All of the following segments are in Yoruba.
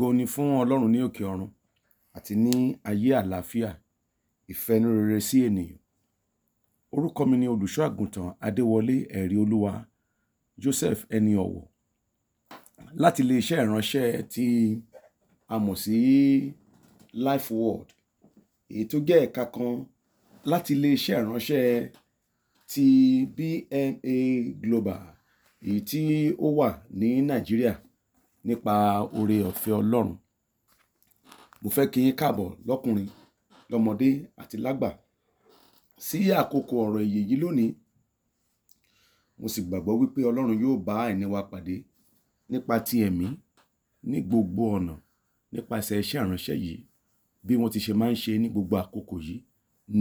ògo ni fún ọlọ́run ní òkè ọ̀run àti ní ayé àlàáfíà ìfẹ́nurere sí ènìyàn orúkọ mi ni olùṣọ́ àgùntàn adéwọlé ẹ̀rí olúwa joseph ẹni ọ̀wọ̀ láti iléeṣẹ́ ìránṣẹ́ tí a mọ̀ sí life world èyí tó jẹ́ ẹ̀ka kan láti iléeṣẹ́ ìránṣẹ́ ti bma global èyí tí ó wà ní nàìjíríà nípa oore ọ̀fẹ́ Ọlọ́run. Mo fẹ́ kí yín káàbọ̀ lọ́kùnrin, lọ́mọdé àti lágbà sí àkókò ọ̀rọ̀ ìyè yìí lónìí. Mo sì gbàgbọ́ wípé Ọlọ́run yóò bá àìní wa pàdé nípa ti ẹ̀mí ní gbogbo ọ̀nà nípasẹ̀ iṣẹ́ ìránṣẹ́ yìí bí wọ́n ti ṣe máa ń ṣe ní gbogbo àkókò yìí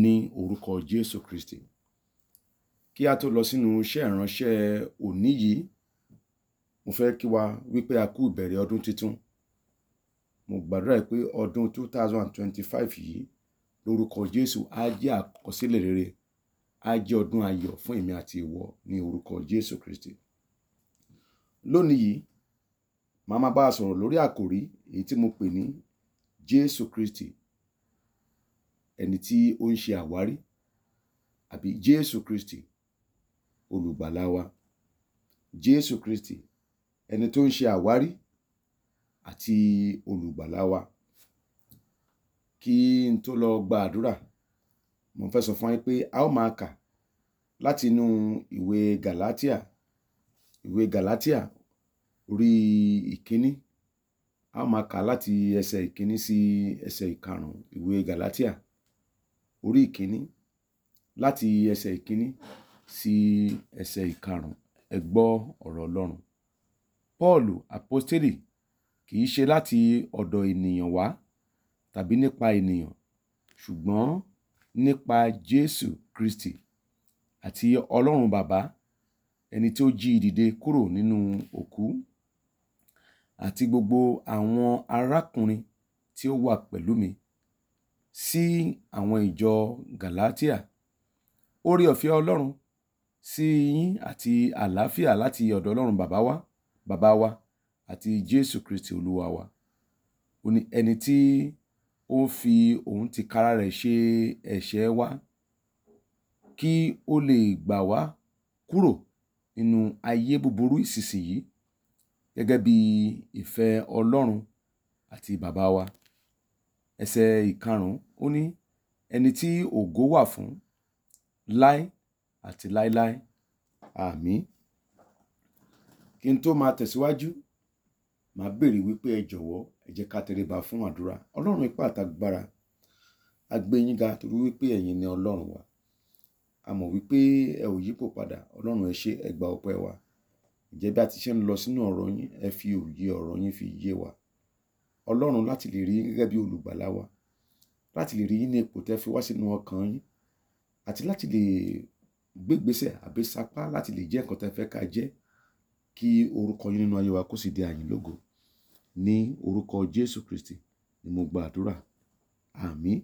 ní orúkọ Jésù Kristi. Kí a tó lọ sínú iṣẹ́ ìránṣẹ́ òní yìí, mo fẹ́ kí wa wípé a kú ìbẹ̀rẹ̀ ọdún tuntun mo gbàdúrà pé ọdún 2025 yìí lórúkọ Jésù á jẹ́ àkọsílẹ̀ rere á jẹ́ ọdún ayọ̀ fún èmi àti ìwọ ní orúkọ Jésù Kristi lónìí yìí màá máa bá a sọ̀rọ̀ lórí àkòrí èyí tí mo pè ní Jésù Kristi ẹni tí ó ń ṣe àwárí àbí Jésù Kristi olùgbàlà wa Jésù Kristi ẹni tó ń ṣe àwárí àti olùgbàlà wa kí n tó lọ gba àdúrà mo fẹ́ sọ fún yín pé a ó máa kà láti inú ìwé Galatia ìwé Galatia orí ìkíní a ó máa kà láti ẹsẹ̀ ìkíní sí ẹsẹ̀ ìkarùn-ún ìwé Galatia orí ìkíní láti ẹsẹ̀ ìkíní sí ẹsẹ̀ ìkarùn-ún ẹ gbọ́ ọ̀rọ̀ Ọlọ́run Paulu aposteli kì í ṣe láti ọ̀dọ̀ ènìyàn wá tàbí nípa ènìyàn, ṣùgbọ́n nípa Jesu Kristi àti Ọlọ́run Baba ẹni tí ó jí i dìde kúrò nínú òkú, àti gbogbo àwọn arákùnrin tí ó wà pẹ̀lú mi, sí àwọn ìjọ Galatia. Oore-ọ̀fẹ́ Ọlọ́run sí yín àti àlàáfíà láti ọ̀dọ̀ Ọlọ́run Baba wá bàbá wa àti Jésù Kristi Olúwa wa. Ó ní ẹni tí ó ń fi òun ti kára rẹ̀ ṣe ẹ̀ṣẹ̀ wa kí ó lè gbà wá kúrò nínú ayé búburú ìsinsìnyí gẹ́gẹ́ bí ìfẹ́ Ọlọ́run àti bàbá wa. Ẹsẹ̀ ìkarùn ó ní ẹni tí ògo wà fún láé àti láéláé àmín kí n tó máa tẹ̀síwájú màá béèrè wípé ẹ jọ̀wọ́ ẹ jẹ́ ká tẹríba fún àdúrà ọlọ́run ipá àtagbára agbẹ́yìnga torí wípé ẹ̀yin ni ọlọ́run wa a mọ̀ wípé ẹ ò yípo padà ọlọ́run ẹ ṣé ẹ gba ọpẹ́ wa ǹjẹ́ bí a ti ṣe ń lọ sínú ọ̀rọ̀ yín ẹ fi òye ọ̀rọ̀ yín fi yé wa ọlọ́run láti lè rí gẹ́gẹ́ bí olùgbàlà wa láti lè rí yín ní ipò tẹ́ fi wá sínú ọkàn yín àti láti lè gbégbèsè àbí sapá láti lè jẹ́ nǹkan tẹ́ fẹ́ ká jẹ́ kí orúkọ yín nínú ayé wa kó sì di àyìn lógo ní orúkọ Jésù Kristi ni mo gba àdúrà àmín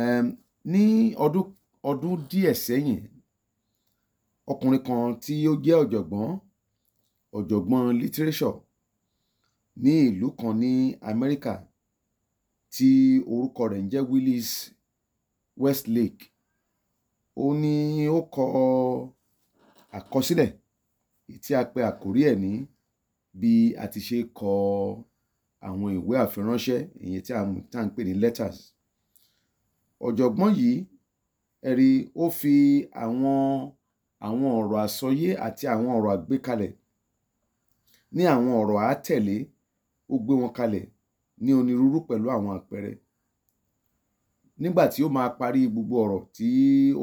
um, ní ọdún ọdún díẹ̀ sẹ́yìn ọkùnrin kan tí ó jẹ́ ọ̀jọ̀gbọ́n ọ̀jọ̀gbọ́n lítírésọ̀ ní ìlú kan ní Amẹ́ríkà tí orúkọ rẹ̀ ń jẹ́ Willis Westlake ó ní ó kọ àkọsílẹ̀ tí a pe àkórí ẹ̀ ní bí a ti ṣe kọ àwọn ìwé àfiránṣẹ́ ìyẹn tí à ń pè ní letters. Ọ̀jọ̀gbọ́n yìí ẹ rí ó fi àwọn àwọn ọ̀rọ̀ àsọyé àti àwọn ọ̀rọ̀ àgbékalẹ̀ ní àwọn ọ̀rọ̀ àátẹ̀lé ó gbé wọn kalẹ̀ ní onírúurú pẹ̀lú àwọn àpẹẹrẹ. Nígbà tí ó máa parí gbogbo ọ̀rọ̀ tí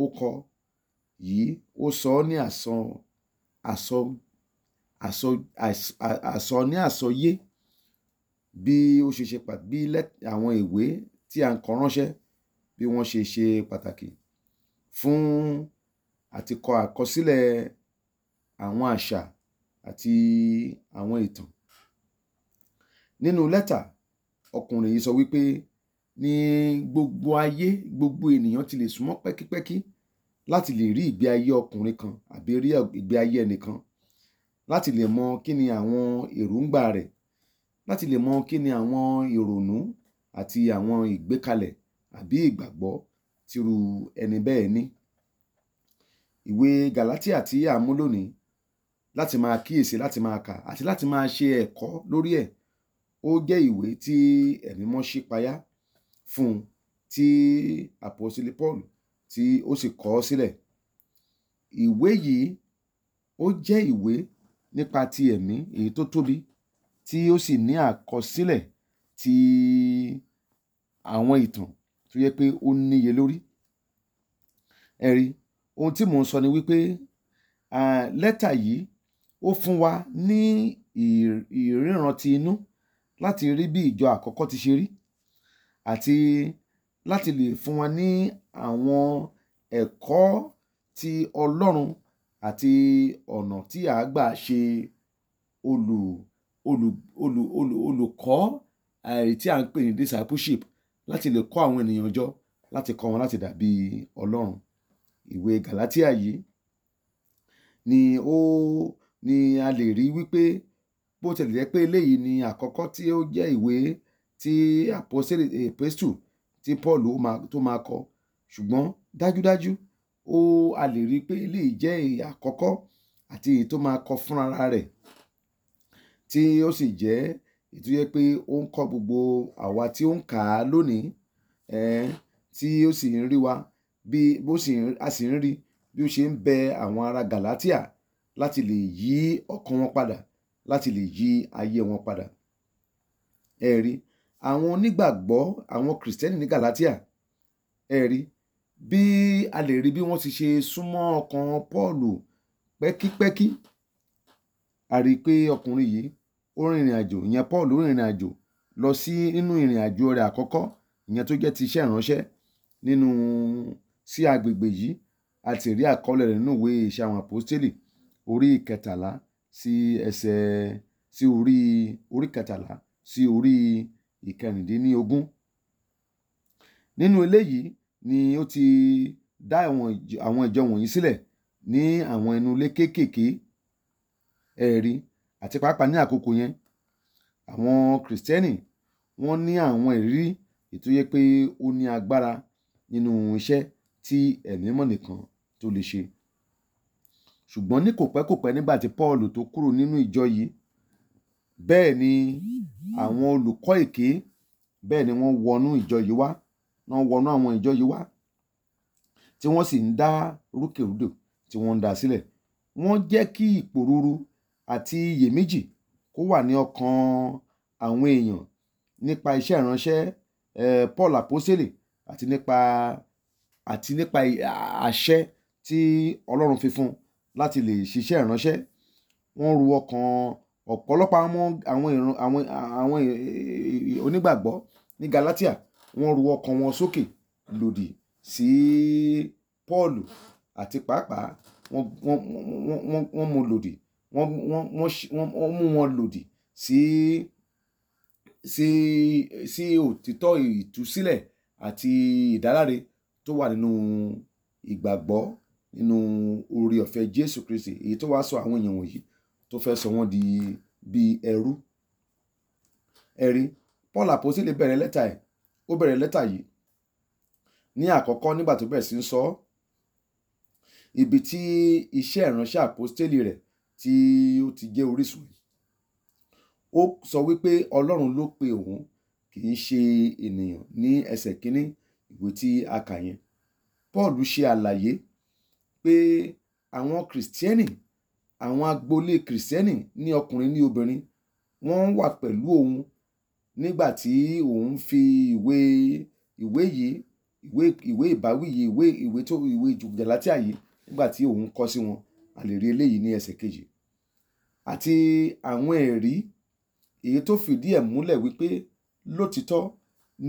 ó kọ yìí ó sọ ọ́ ní àsan àsọ àsọ àsọ ní àsọyé bí ó ṣe ṣe pàtàkì bí àwọn ìwé tí à ń kọ ránṣẹ́ bí wọ́n ṣe ṣe pàtàkì fún àti kọ àkọsílẹ̀ àwọn àṣà àti àwọn ìtàn. Nínú lẹ́tà ọkùnrin yìí sọ wípé ní gbogbo ayé gbogbo ènìyàn ti lè súnmọ́ pẹ́kípẹ́kí láti lè rí ìgbé ayé ọkùnrin kan àbí rí ìgbé ayé ẹnìkan láti lè mọ kí ni àwọn èròǹgbà rẹ̀ láti lè mọ kí ni àwọn ìrònú àti àwọn ìgbékalẹ̀ àbí ìgbàgbọ́ tírú ẹni bẹ́ẹ̀ ní. Ìwé Gàlátíà tí à ń mú lónìí láti máa kíyèsí láti máa kà àti láti máa ṣe ẹ̀kọ́ lórí ẹ̀ ó jẹ́ ìwé tí ẹ̀mí mímọ́ ṣípayá fún un tí àpọ́sítélì Pọ́ọ̀lù tí ó sì kọ ọ́ sílẹ̀. Ìwé yìí ó jẹ́ ìwé nípa ti ẹ̀mí èyí tó tóbi tí ó sì ní àkọsílẹ̀ ti àwọn ìtàn tó yẹ pé ó níye lórí. Ẹ ohun tí mò ń sọ ni wípé lẹ́tà yìí ó fún wa ní ìríran ti inú láti rí bí ìjọ àkọ́kọ́ ti ṣe rí àti láti lè fún wa ní àwọn ẹ̀kọ́ ti Ọlọ́run àti ọ̀nà tí à á gbà ṣe olù olù olù olù olùkọ́ tí à ń pè ní discipleship láti lè kọ́ àwọn ènìyàn jọ láti kọ́ wọn láti dàbí Ọlọ́run. Ìwé Gàlátíà yìí ni ó ni a lè rí wípé bó tilẹ̀ jẹ́ pé eléyìí ni àkọ́kọ́ tí ó jẹ́ ìwé tí àpọ́sítélì èpésù tí Paul ó máa tó máa kọ ṣùgbọ́n dájúdájú ó a lè rí i pé eléyìí jẹ́ èyí àkọ́kọ́ àti èyí tó máa kọ fún ara rẹ̀ tí ó sì jẹ́ èyí tó yẹ pé ó ń kọ́ gbogbo àwa tí ó ń kà á lónìí tí ó sì ń rí wa bí bó sì a sì ń rí bí ó ṣe ń bẹ àwọn ará Gàlátíà láti lè yí ọkàn wọn padà láti lè yí ayé wọn padà ẹ̀rí àwọn onígbàgbọ́ àwọn kìrìsìtẹ́nì ní Gàlátíà ẹ̀rí bí a lè rí bí wọ́n ti ṣe súnmọ́ ọkàn Pọ́ọ̀lù pẹ́kípẹ́kí a rí i pé ọkùnrin yìí ó rìnrìn àjò ìyẹn Pọ́ọ̀lù rìnrìn àjò lọ sí nínú ìrìn àjò rẹ̀ àkọ́kọ́ ìyẹn tó jẹ́ ti iṣẹ́ ìránṣẹ́ nínú sí agbègbè yìí a ti rí àkọọ́lẹ̀ rẹ̀ nínú ìwé iṣẹ́ àwọn àpọ́stélì orí kẹtàlá sí ẹsẹ̀ sí orí orí kẹtàlá sí orí ìkẹrìndínlógún nínú eléyìí ni ó ti dá àwọn ìjọ wọ̀nyí sílẹ̀ ní àwọn ẹnu ilé kéékèèké ẹ̀rí àti pàápàá ní àkókò yẹn àwọn kìrìsìtẹ́nì wọ́n ní àwọn ìrírí ètò yẹ pé ó ní agbára nínú iṣẹ́ tí ẹ̀mí mọ́ nìkan tó lè ṣe ṣùgbọ́n ní kò pẹ́ kò pẹ́ nígbà tí Paul tó kúrò nínú ìjọ yìí bẹ́ẹ̀ ni àwọn olùkọ́ èké bẹ́ẹ̀ ni wọ́n wọnú ìjọ yìí wá náà wọnú àwọn ìjọ yìí wá tí wọ́n sì ń dá rúkèrúdò tí wọ́n ń dá sílẹ̀ wọ́n jẹ́ kí ìpòrúru àti iyèméjì kó wà ní ọkàn àwọn èèyàn nípa iṣẹ́ ìránṣẹ́ Paul àpọ́sẹ̀lẹ̀ àti nípa àti nípa àṣẹ tí Ọlọ́run fi fún láti lè ṣiṣẹ́ ìránṣẹ́ wọ́n ru ọkàn ọ̀pọ̀lọpọ̀ àwọn onígbàgbọ́ ní Galatia wọ́n ru ọkàn wọn sókè lòdì sí Paul àti pàápàá wọ́n mú lòdì wọ́n mú wọn lòdì sí sí sí òtítọ́ ìtúsílẹ̀ àti ìdáláre tó wà nínú ìgbàgbọ́ nínú oore ọ̀fẹ́ Jésù Kristi èyí tó wá sọ àwọn èèyàn wọ̀nyí tó fẹ́ sọ wọ́n di bíi ẹrú ẹ̀rí Paul àpòsílẹ̀ bẹ̀rẹ̀ lẹ́tà ẹ̀ ó bẹ̀rẹ̀ lẹ́tà yìí ní àkọ́kọ́ nígbà tó bẹ̀rẹ̀ sí ń sọ ọ́ ibi tí iṣẹ́ ìránṣẹ́ àpọ́stélì rẹ̀ tí ó ti jẹ́ orísun yìí ó sọ wípé ọlọ́run ló pe òun kì í ṣe ènìyàn ní ẹsẹ̀ kínní ìwé tí a kà yẹn Paul ṣe àlàyé pé àwọn kìrìsìtẹ́nì àwọn agboolé kìrìsìtẹ́nì ní ọkùnrin ní obìnrin wọ́n wà pẹ̀lú òun nígbà tí òun fi ìwé ìwé yìí ìwé ìwé ìbáwí yìí ìwé ìwé tó ìwé Gálátíà yìí nígbà tí òun kọ sí wọn a lè rí eléyìí ní ẹsẹ̀ kejì àti àwọn ẹ̀rí èyí tó fìdí ẹ̀ múlẹ̀ wípé lótìtọ́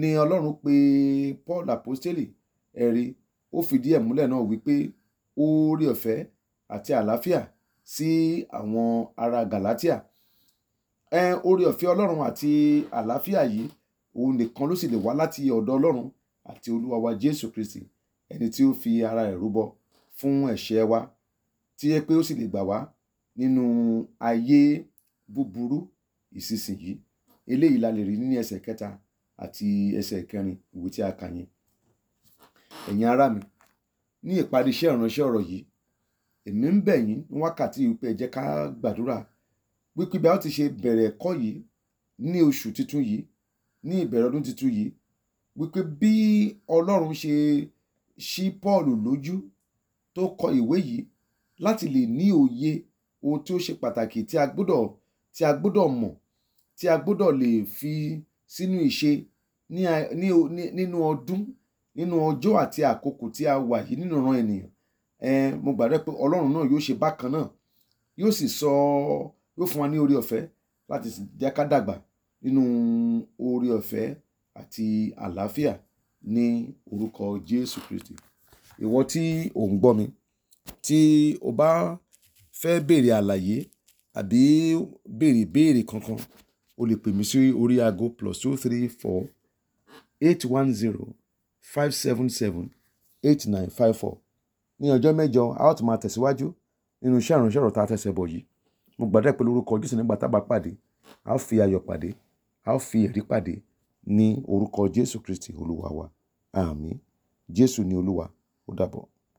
ni Ọlọ́run pè Paul apostoli ẹ̀rí ó fìdí ẹ̀ múlẹ̀ náà wípé oore ọ̀fẹ́ àti àlàáfíà sí àwọn ará Gálátíà ẹ oore ọ̀fẹ́ ọlọ́run àti àlàáfíà yìí òun nìkan ló sì lè wá láti ọ̀dọ̀ ọlọ́run àti olúwa wa jésù kristi ẹni tí ó fi ara ẹ̀ rúbọ fún ẹ̀ṣẹ̀ wa tí yẹ pé ó sì lè gbà wá nínú ayé búburú ìsinsìnyí eléyìí la lè rí ní ẹsẹ̀ kẹta àti ẹsẹ̀ kẹrin ìwé tí a kà yẹn ẹ̀yin ará mi ní ìparí iṣẹ́ ìránṣẹ́ ọ̀rọ̀ yìí èmi ń bẹ̀ wákàtí pé jẹ́ ká gbàdúrà wípé bí a ó ti ṣe bẹ̀rẹ̀ ẹ̀kọ́ yìí ní oṣù tuntun yìí ní ìbẹ̀rẹ̀ ọdún tuntun yìí wípé bí Ọlọ́run ṣe ṣí Paul lójú tó kọ ìwé yìí láti lè ní òye ohun tí ó ṣe pàtàkì tí a gbọ́dọ̀ tí a gbọ́dọ̀ mọ̀ tí a gbọ́dọ̀ lè fi sínú ìṣe nínú ọdún nínú ọjọ́ àti àkókò tí a wà yìí nínú ọ̀ràn ènìyàn mo gbàdúrà pé Ọlọ́run náà yóò ṣe bákan náà yóò sì sọ ọ́ yóò fún wa ní orí ọ̀fẹ́ láti jẹ́ ká dàgbà nínú orí ọ̀fẹ́ àti àlàáfíà ní orúkọ Jésù Kristi ìwọ tí ò ń gbọ́ mi tí o bá fẹ́ béèrè àlàyé àbí béèrè béèrè kankan o lè pè mí sí orí aago plus two three four eight one zero five seven seven eight nine five four ní ọjọ́ mẹ́jọ a ó tún máa tẹ̀síwájú nínú iṣẹ́ ìránṣẹ́ ọ̀rọ̀ tá a tẹ̀sẹ̀ bọ̀ yìí mo gbàdúrà pé lórúkọ Jésù nígbà tá a bá pàdé a ó fi ayọ̀ pàdé a ó fi ẹ̀rí pàdé ní orúkọ Jésù Kristi Olúwa wa àmín Jésù ni Olúwa ó dàbọ̀.